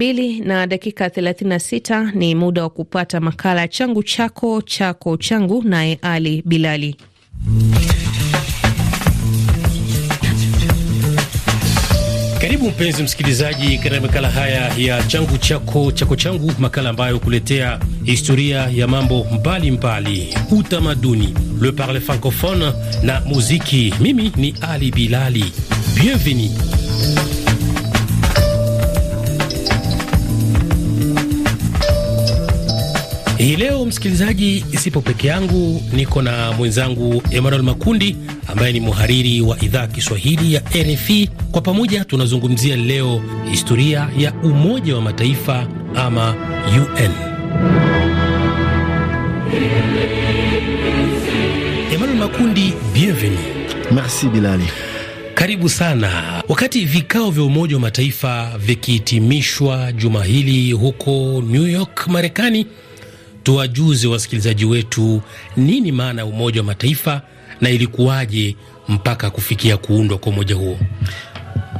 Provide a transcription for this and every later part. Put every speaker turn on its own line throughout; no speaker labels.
Mbili na dakika 36 ni muda wa kupata makala changu chako chako changu, naye Ali Bilali.
Karibu mpenzi msikilizaji, katika makala haya ya changu chako chako changu, makala ambayo kuletea historia ya mambo mbalimbali, utamaduni, le parle francophone na muziki. Mimi ni Ali Bilali, bienvenue. Hii leo msikilizaji, sipo peke yangu, niko na mwenzangu Emmanuel Makundi ambaye ni mhariri wa idhaa Kiswahili ya RFI. Kwa pamoja tunazungumzia leo historia ya Umoja wa Mataifa ama UN. Emmanuel Makundi, bienvenue. Merci Bilali. Karibu sana. Wakati vikao vya Umoja wa Mataifa vikihitimishwa juma hili huko New York, Marekani, tuwajuze wasikilizaji wetu nini maana ya Umoja wa Mataifa na ilikuwaje mpaka kufikia kuundwa kwa umoja huo.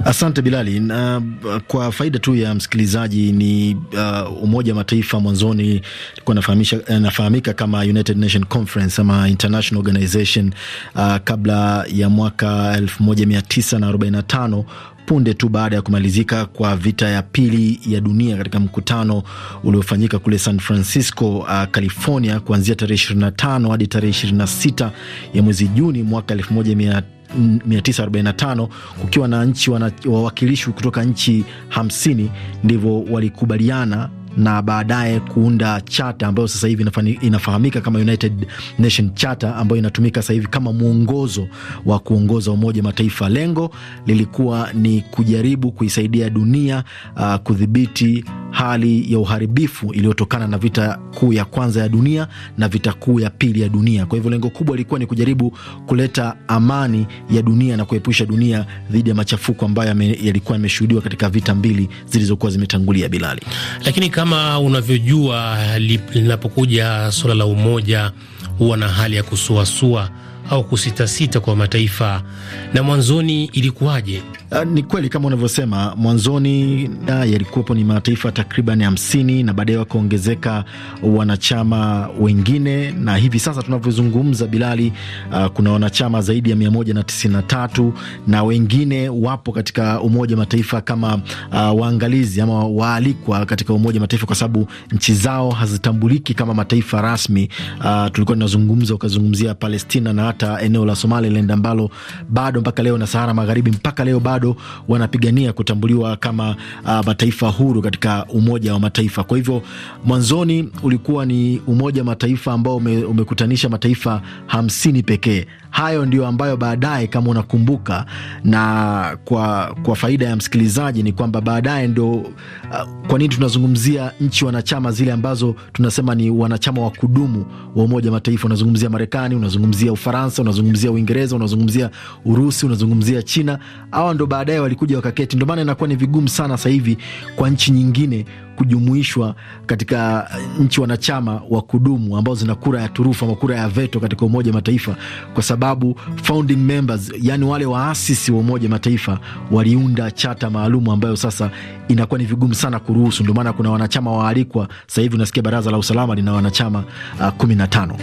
Asante Bilali, na uh, kwa faida tu ya msikilizaji ni uh, Umoja wa Mataifa mwanzoni ilikuwa inafahamika kama United Nation Conference ama International Organization uh, kabla ya mwaka 1945 punde tu baada ya kumalizika kwa vita ya pili ya dunia katika mkutano uliofanyika kule San Francisco, uh, California kuanzia tarehe 25 hadi tarehe 26 ya mwezi Juni mwaka 1945 kukiwa na nchi wawakilishi kutoka nchi 50 ndivyo walikubaliana na baadaye kuunda chata ambayo sasa hivi inafahamika kama United Nation Charter ambayo inatumika sasa hivi kama mwongozo wa kuongoza Umoja Mataifa. Lengo lilikuwa ni kujaribu kuisaidia dunia uh, kudhibiti hali ya uharibifu iliyotokana na vita kuu ya kwanza ya dunia na vita kuu ya pili ya dunia. Kwa hivyo lengo kubwa lilikuwa ni kujaribu kuleta amani ya dunia na kuepusha dunia dhidi ya machafuko ambayo yalikuwa yameshuhudiwa katika vita mbili zilizokuwa zimetangulia Bilali,
lakini kama kama unavyojua linapokuja suala la umoja huwa na hali ya kusuasua au kusitasita kwa mataifa? Na mwanzoni ilikuwaje?
Ah, ni kweli kama unavyosema, mwanzoni ah, yalikuwepo ni mataifa takriban hamsini na baadaye wakaongezeka wanachama wengine, na hivi sasa tunavyozungumza, Bilali, uh, kuna wanachama zaidi ya 193 na wengine wapo katika Umoja wa Mataifa kama uh, waangalizi ama waalikwa katika Umoja wa Mataifa kwa sababu nchi zao hazitambuliki kama mataifa rasmi. Uh, tulikuwa tunazungumza ukazungumzia Palestina na hata eneo la Somaliland ambalo bado mpaka leo na Sahara Magharibi mpaka leo bado wanapigania kutambuliwa kama uh, mataifa huru katika Umoja wa Mataifa. Kwa hivyo mwanzoni ulikuwa ni Umoja wa Mataifa ambao umekutanisha mataifa hamsini pekee hayo ndio ambayo baadaye, kama unakumbuka, na kwa, kwa faida ya msikilizaji ni kwamba baadaye ndio uh, kwa nini tunazungumzia nchi wanachama zile ambazo tunasema ni wanachama wa kudumu wa Umoja Mataifa. Unazungumzia Marekani, unazungumzia Ufaransa, unazungumzia Uingereza, unazungumzia Urusi, unazungumzia China. Hawa ndo baadaye walikuja wakaketi. Ndio maana inakuwa ni vigumu sana sasa hivi kwa nchi nyingine kujumuishwa katika eh, nchi wanachama wa kudumu ambao zina kura ya turufu ama kura ya veto katika Umoja Mataifa, kwa sababu founding members, yani wale waasisi wa Umoja Mataifa waliunda chata maalumu ambayo sasa inakuwa ni vigumu sana kuruhusu. Ndio maana kuna wanachama waalikwa. Sasa hivi unasikia Baraza la Usalama lina wanachama uh, kumi na tano.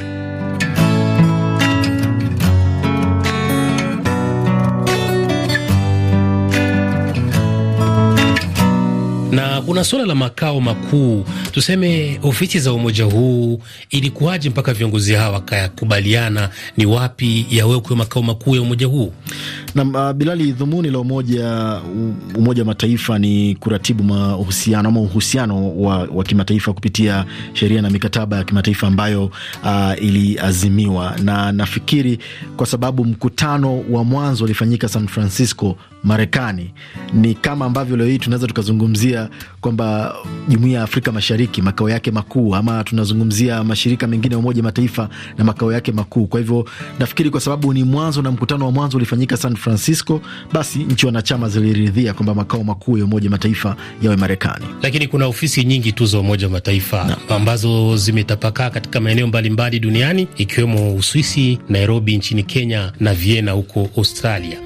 Na kuna suala la makao makuu, tuseme ofisi za umoja huu, ilikuwaje mpaka viongozi hawa wakakubaliana ni wapi yawe kwa makao makuu ya umoja huu?
Na uh, ah, Bilali, dhumuni la umoja Umoja wa Mataifa ni kuratibu mahusiano ama uhusiano wa, wa kimataifa kupitia sheria na mikataba ya kimataifa ambayo uh, iliazimiwa, na nafikiri kwa sababu mkutano wa mwanzo ulifanyika San Francisco Marekani ni kama ambavyo leo hii tunaweza tukazungumzia kwamba jumuiya ya Afrika Mashariki makao yake makuu, ama tunazungumzia mashirika mengine ya Umoja Mataifa na makao yake makuu. Kwa hivyo nafikiri kwa sababu ni mwanzo na mkutano wa mwanzo ulifanyika San Francisco, basi nchi wanachama ziliridhia kwamba makao makuu ya Umoja Mataifa yawe Marekani.
Lakini kuna ofisi nyingi tu za Umoja Mataifa na ambazo zimetapakaa katika maeneo mbalimbali duniani ikiwemo Uswisi, Nairobi nchini Kenya na Vienna huko Australia.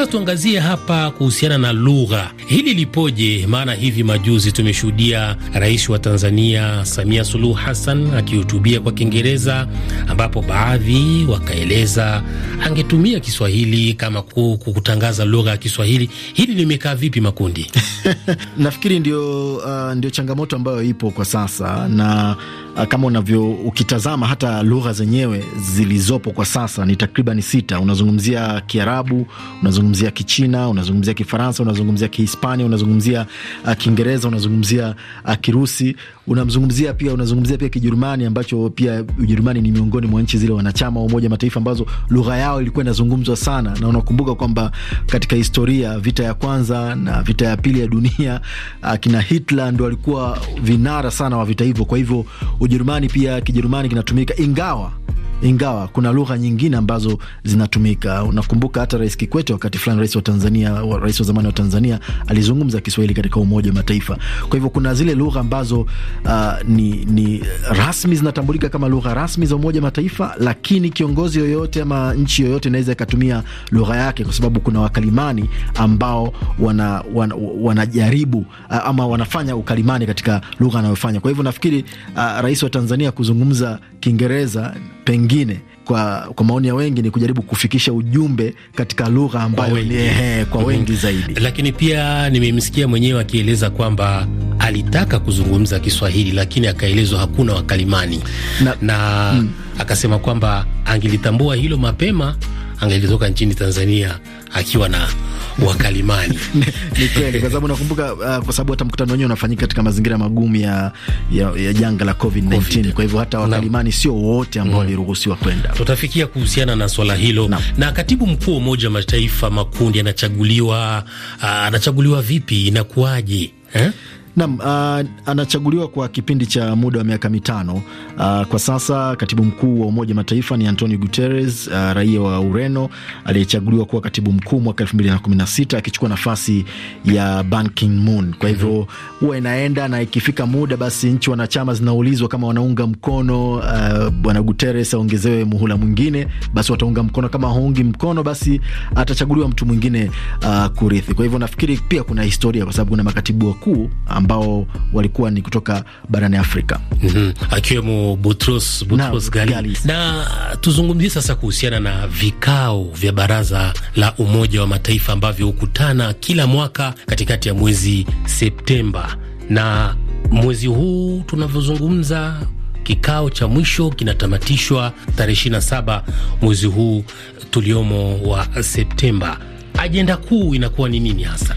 Sasa tuangazie hapa kuhusiana na lugha, hili lipoje? Maana hivi majuzi tumeshuhudia rais wa Tanzania Samia Suluhu Hassan akihutubia kwa Kiingereza, ambapo baadhi wakaeleza angetumia Kiswahili kama kutangaza lugha ya Kiswahili. Hili limekaa vipi, Makundi?
Nafikiri ndio, uh, ndio changamoto ambayo ipo kwa sasa na Ah, kama unavyo ukitazama hata lugha zenyewe zilizopo kwa sasa ni takriban sita. Unazungumzia Kiarabu, unazungumzia Kichina, unazungumzia Kifaransa, unazungumzia Kihispania, unazungumzia ah, Kiingereza, unazungumzia ah, Kirusi, unamzungumzia pia unazungumzia pia Kijerumani ambacho pia Ujerumani ni miongoni mwa nchi zile wanachama wa Umoja Mataifa ambazo lugha yao ilikuwa inazungumzwa sana, na unakumbuka kwamba katika historia vita ya kwanza na vita ya pili ya dunia akina Hitler ndo walikuwa vinara sana wa vita hivyo. Kwa hivyo Ujerumani pia Kijerumani kinatumika ingawa ingawa kuna lugha nyingine ambazo zinatumika. Unakumbuka hata Rais Kikwete wakati fulani, rais wa Tanzania, rais wa zamani wa Tanzania, alizungumza Kiswahili katika Umoja wa Mataifa. Kwa hivyo kuna zile lugha ambazo uh, ni, ni rasmi zinatambulika kama lugha rasmi za Umoja wa Mataifa, lakini kiongozi yoyote ama nchi yoyote inaweza ikatumia lugha yake, kwa sababu kuna wakalimani ambao wanajaribu wana, wana, uh, ama wanafanya ukalimani katika lugha anayofanya. Kwa hivyo nafikiri uh, rais wa Tanzania kuzungumza Kiingereza pengine kwa, kwa maoni ya wengi ni kujaribu kufikisha ujumbe katika lugha ambayo kwa wengi, ni, he, kwa mm wengi zaidi.
Lakini pia nimemsikia mwenyewe akieleza kwamba alitaka kuzungumza Kiswahili lakini akaelezwa hakuna wakalimani na, na mm. akasema kwamba angelitambua hilo mapema angelitoka nchini Tanzania akiwa na wakalimani. Ni kweli, kwa sababu
nakumbuka, uh, kwa sababu hata mkutano wenyewe unafanyika katika mazingira magumu ya, ya, ya janga la COVID-19 COVID. Kwa hivyo hata wakalimani sio wote ambao mm. waliruhusiwa mm, kwenda.
Tutafikia kuhusiana na swala hilo na,
na katibu mkuu
wa Umoja wa Mataifa makundi anachaguliwa, uh, anachaguliwa vipi, inakuwaje
eh? Naam, uh, anachaguliwa kwa kipindi cha muda wa miaka mitano. Uh, kwa sasa katibu mkuu wa Umoja Mataifa ni Antonio Guterres, uh, raia wa Ureno aliyechaguliwa kuwa katibu mkuu mwaka elfu mbili na na kumi sita akichukua nafasi ya Ban Ki-moon. Kwa hivyo huwa inaenda na ikifika muda basi nchi wanachama zinaulizwa kama wanaunga mkono uh, bwana Guterres aongezewe muhula mwingine, basi wataunga mkono. Kama haungi mkono, basi atachaguliwa mtu mwingine uh, kurithi. Kwa hivyo nafikiri pia kuna historia, kwa sababu kuna makatibu wakuu ambao walikuwa ni kutoka barani Afrika mm -hmm. akiwemo Boutros Boutros
Na tuzungumzie sasa kuhusiana na vikao vya Baraza la Umoja wa Mataifa ambavyo hukutana kila mwaka katikati ya mwezi Septemba, na mwezi huu tunavyozungumza kikao cha mwisho kinatamatishwa tarehe 27 mwezi huu tuliomo wa Septemba. Ajenda
kuu inakuwa ni nini hasa?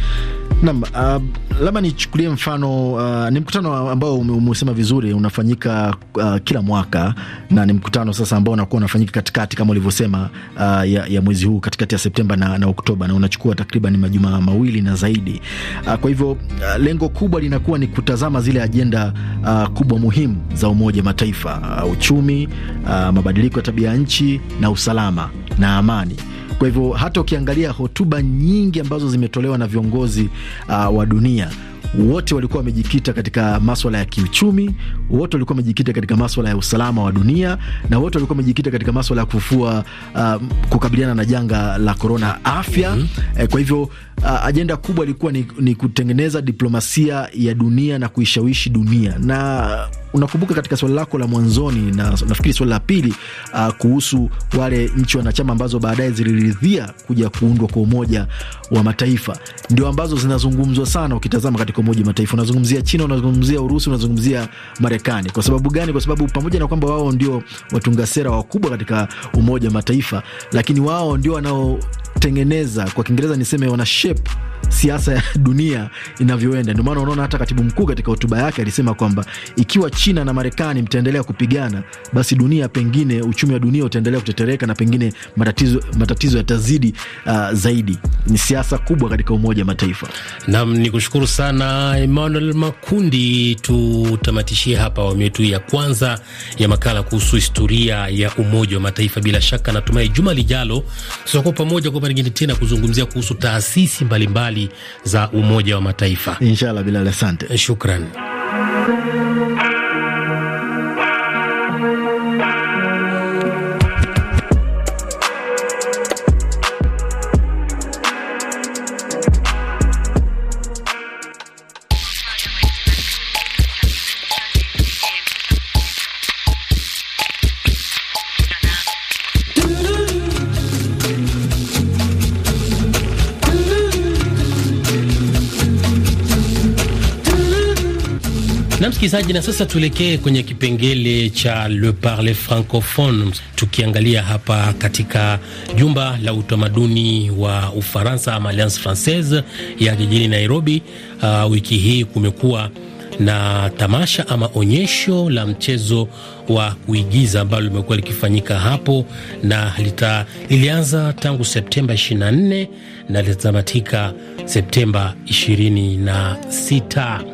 nam uh, labda nichukulie mfano uh, ni mkutano ambao umesema vizuri unafanyika uh, kila mwaka na ni mkutano sasa ambao unakuwa unafanyika katikati kama ulivyosema uh, ya, ya mwezi huu katikati ya Septemba na, na Oktoba na unachukua takriban majuma mawili na zaidi. Uh, kwa hivyo uh, lengo kubwa linakuwa ni kutazama zile ajenda uh, kubwa muhimu za Umoja Mataifa uh, uchumi uh, mabadiliko ya tabia ya nchi na usalama na amani. Kwa hivyo hata ukiangalia hotuba nyingi ambazo zimetolewa na viongozi uh, wa dunia wote walikuwa wamejikita katika maswala ya kiuchumi, wote walikuwa wamejikita katika maswala ya usalama wa dunia, na wote walikuwa wamejikita katika maswala ya kufua uh, um, kukabiliana na janga la korona, afya mm -hmm. kwa hivyo uh, ajenda kubwa ilikuwa ni, ni kutengeneza diplomasia ya dunia na kuishawishi dunia na unakumbuka katika swali lako la mwanzoni na nafikiri swali la pili uh, kuhusu wale nchi wanachama ambazo baadaye ziliridhia kuja kuundwa kwa Umoja wa Mataifa, ndio ambazo zinazungumzwa sana ukitazama katika katika Umoja Mataifa. Unazungumzia China, unazungumzia Urusi, unazungumzia Marekani. Kwa sababu gani? Kwa sababu pamoja na kwamba wao ndio watunga sera wakubwa katika Umoja Mataifa, lakini wao ndio wanao wanatengeneza, kwa Kiingereza niseme wana shape siasa ya dunia inavyoenda. Ndio maana unaona hata katibu mkuu katika hotuba yake alisema kwamba ikiwa China na Marekani mtaendelea kupigana, basi dunia pengine, uchumi wa dunia utaendelea kutetereka na pengine matatizo, matatizo yatazidi uh, zaidi. Ni siasa kubwa katika Umoja wa Mataifa.
Nam ni kushukuru sana Emmanuel Makundi. Tutamatishie hapa awamu yetu ya kwanza ya makala kuhusu historia ya Umoja wa Mataifa. Bila shaka natumai juma lijalo tutakuwa pamoja kwa mara nyingine tena kuzungumzia kuhusu taasisi mbalimbali mbali za Umoja wa Mataifa. Inshallah, bila
asante, shukran.
msikilizaji, na sasa tuelekee kwenye kipengele cha Le Parle Francophone, tukiangalia hapa katika jumba la utamaduni wa Ufaransa ama Alliance Francaise ya jijini Nairobi. Uh, wiki hii kumekuwa na tamasha ama onyesho la mchezo wa kuigiza ambalo limekuwa likifanyika hapo na lita, lilianza tangu Septemba 24 na litatamatika Septemba 26.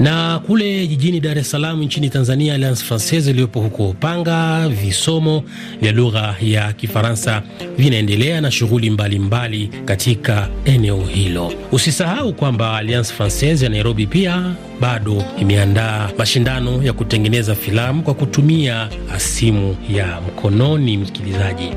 Na kule jijini Dar es Salaam nchini Tanzania, Alliance Francaise iliyopo huko Upanga, visomo vya lugha ya Kifaransa vinaendelea na shughuli mbalimbali katika eneo hilo. Usisahau kwamba Alliance Francaise ya Nairobi pia bado imeandaa mashindano ya kutengeneza filamu kwa kutumia simu ya mkononi, msikilizaji.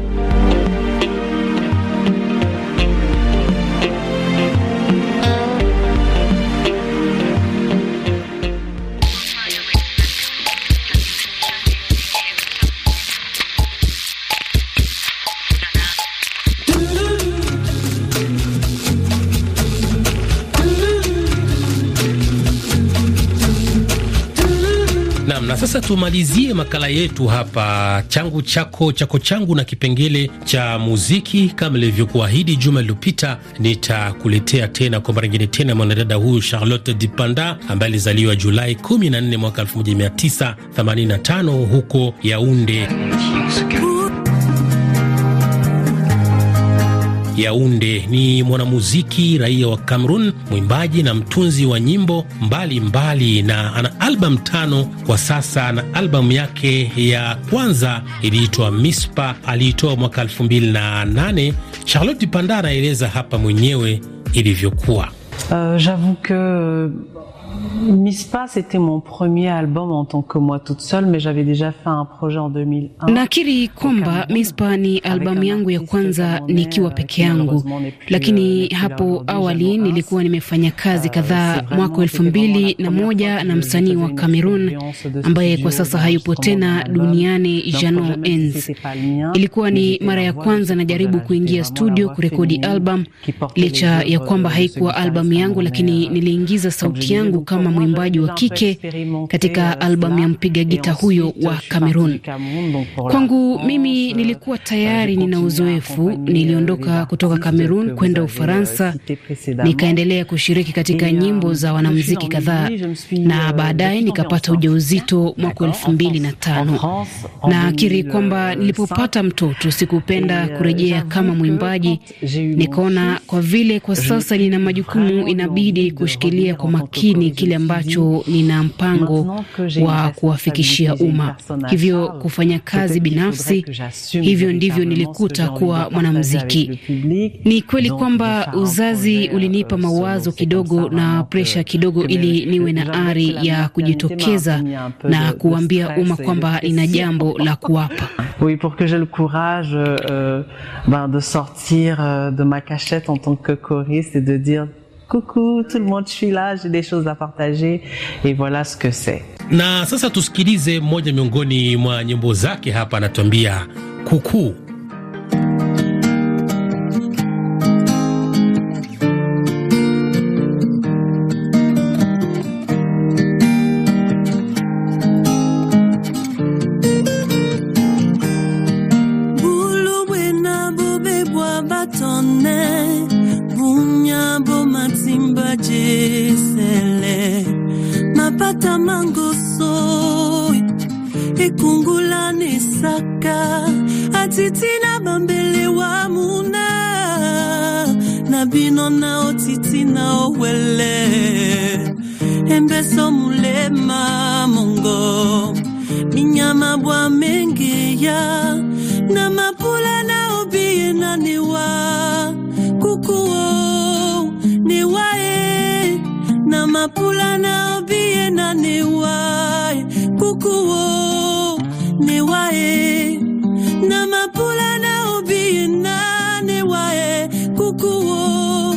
tumalizie makala yetu hapa changu chako chako changu na kipengele cha muziki. Kama ilivyokuahidi juma lilopita nitakuletea tena kwa mara nyingine tena mwanadada huyu Charlotte Dipanda ambaye alizaliwa Julai 14 mwaka 1985 huko Yaunde. Yaunde. Ni mwanamuziki raia wa Cameroon, mwimbaji na mtunzi wa nyimbo mbalimbali mbali, na ana albamu tano kwa sasa, na albamu yake ya kwanza iliitwa Mispa, aliitoa mwaka 2008. Charlotte Panda anaeleza hapa mwenyewe ilivyokuwa.
Uh, Mispa, était mon premier album en tant que moi toute seule, mais j'avais déjà fait un projet en 2001.
Nakiri kwamba Mispa ni albamu yangu ya kwanza nikiwa peke yangu, lakini hapo awali nilikuwa nimefanya kazi euh, kadhaa mwaka elfu mbili na moja na msanii wa Cameroon ambaye kwa sasa hayupo tena duniani, Jano Enz. Ilikuwa ni mara ya kwanza najaribu kuingia studio kurekodi album, licha ya kwamba haikuwa albamu yangu, lakini niliingiza sauti yangu kama kama mwimbaji wa kike katika albamu ya mpiga gita huyo wa Cameroon. Kwangu oh, mimi nilikuwa tayari nina uzoefu. Niliondoka kutoka Cameroon kwenda Ufaransa, nikaendelea kushiriki katika nyimbo za wanamuziki kadhaa, na baadaye nikapata ujauzito mwaka elfu mbili na tano. Naakiri kwamba euh, nilipopata mtoto sikupenda euh, kurejea kama mwimbaji,
nikaona kwa vile kwa sasa nina majukumu, inabidi
kushikilia kwa makini kile ambacho nina mpango wa kuwafikishia umma, hivyo kufanya kazi binafsi. Hivyo ndivyo nilikuta kuwa mwanamuziki. Ni kweli kwamba uzazi ulinipa euh, mawazo kidogo na presha kidogo, ili niwe na ari ya kujitokeza na kuambia umma kwamba nina jambo la
kuwapa. Oui, pour que j'ai le courage euh, ben, de sortir euh, de ma cachette en tant que choriste et de dire coucou tout le monde, je suis là, j'ai des choses à partager et voilà ce que c'est.
Na sasa tusikilize moja miongoni mwa nyimbo zake hapa, anatuambia kuku
bulu bwena bubebwa batone jesele mapata mangosoi ekungulani atiti na bambele wa muna na bino na otiti owele embeso mulema mongo minyama bwa mengeya na mapula na obiyenaniwa kukuwo mapula na obie na ne wae kukuo ne wae na mapula na obie na ne wae kukuo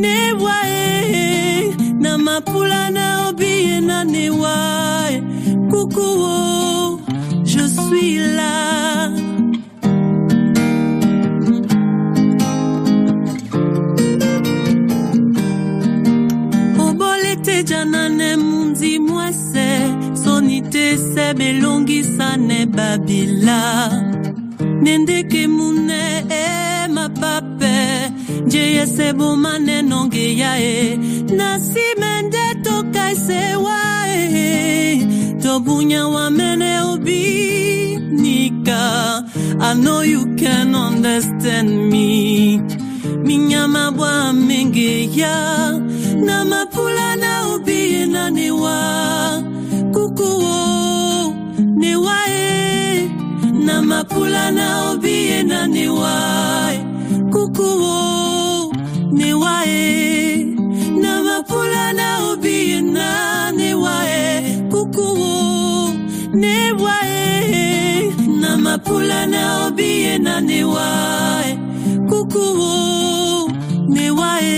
ne wae na mapula na obie na ne wae kukuo je suis là ese belongi sane babila nendeke mune e eh, mapape nje ese bomaneno ngeya e nasime nde tokaisewa e tobunya wamene obinika I know you can understand me minyama bwa mengeya na mapula na na ubienaniwa kukuwo newae na mapula na obie na newae Ne newae na mapula na obie na newae Ne newae na mapula na obie na newae Ne newae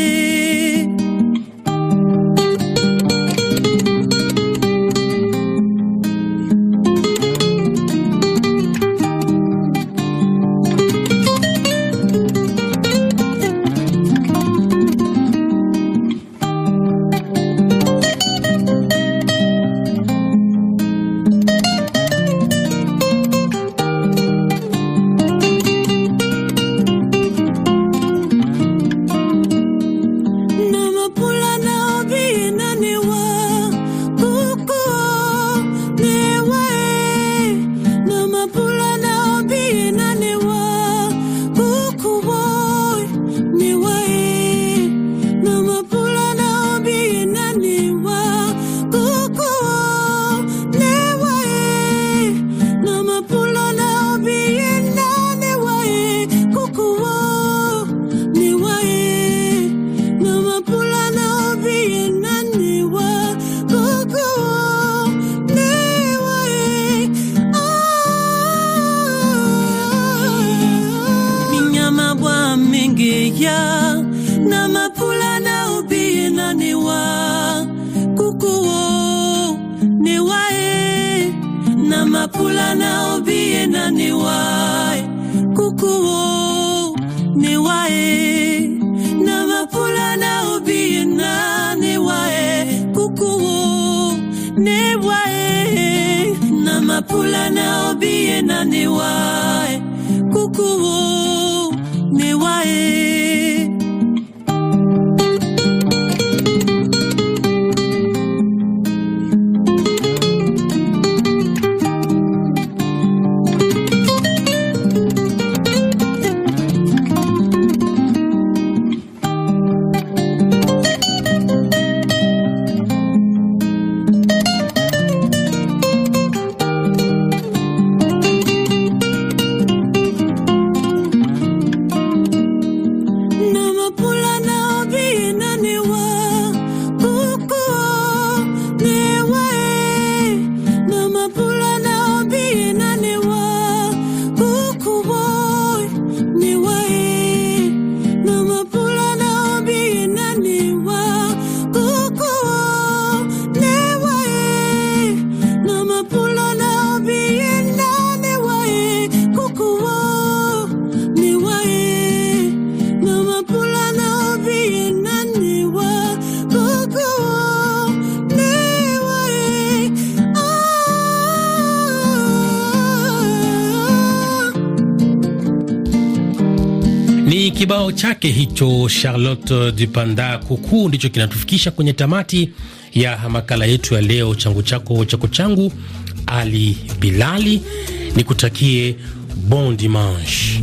kula na biye na newae kukuwo newae na mapula nao biye na newae kukuwo newae na mapula na ne na newae ne newae
Kibao chake hicho Charlotte Dupanda Kuku ndicho kinatufikisha kwenye tamati ya makala yetu ya leo, changu chako chako changu. Ali Bilali nikutakie bon dimanche.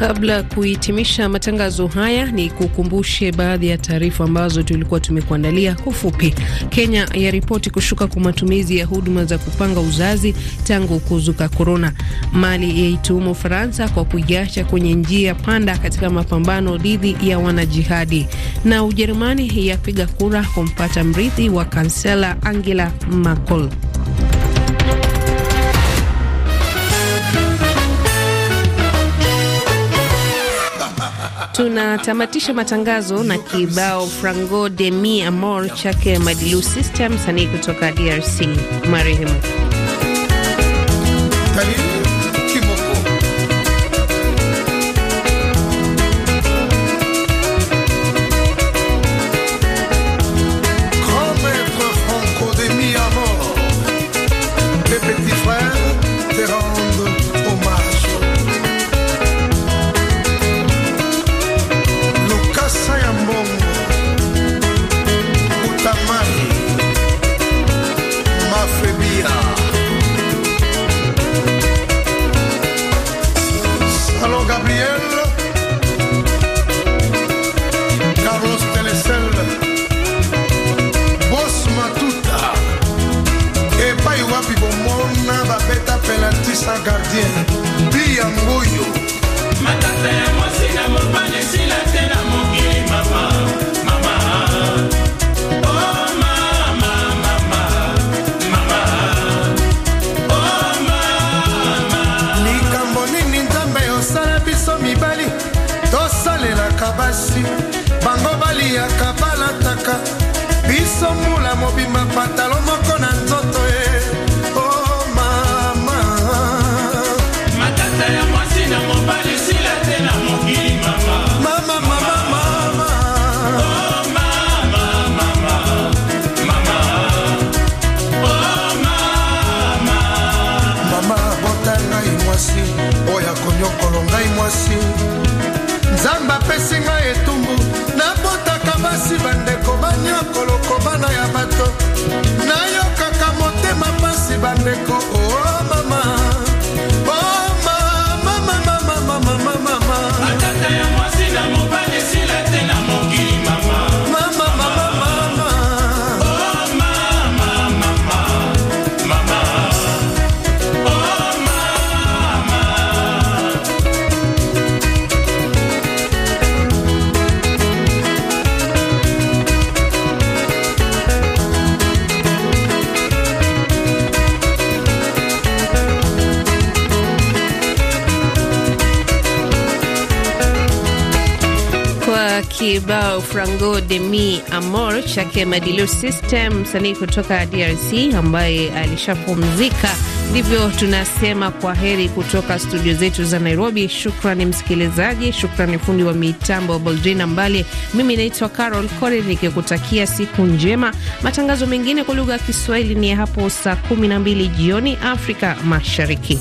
Kabla ya kuhitimisha matangazo haya, ni kukumbushe baadhi ya taarifa ambazo tulikuwa tumekuandalia kwa ufupi. Kenya yaripoti kushuka kwa matumizi ya huduma za kupanga uzazi tangu kuzuka korona. Mali yaituhumu Ufaransa kwa kuiacha kwenye njia panda katika mapambano dhidi ya wanajihadi, na Ujerumani yapiga kura kumpata mrithi wa kansela Angela Merkel. Tunatamatisha matangazo na kibao Frango de mi amor chake Madilu System, msanii kutoka DRC marehemu. kibao Frango de mi Amor chake Madilu System, msanii kutoka DRC ambaye alishapumzika. Ndivyo tunasema kwa heri kutoka studio zetu za Nairobi. Shukrani msikilizaji, shukrani fundi wa mitambo Boldrina Mbale. Mimi naitwa Carol Core nikikutakia siku njema. Matangazo mengine kwa lugha ya Kiswahili ni hapo saa 12 jioni Afrika
Mashariki.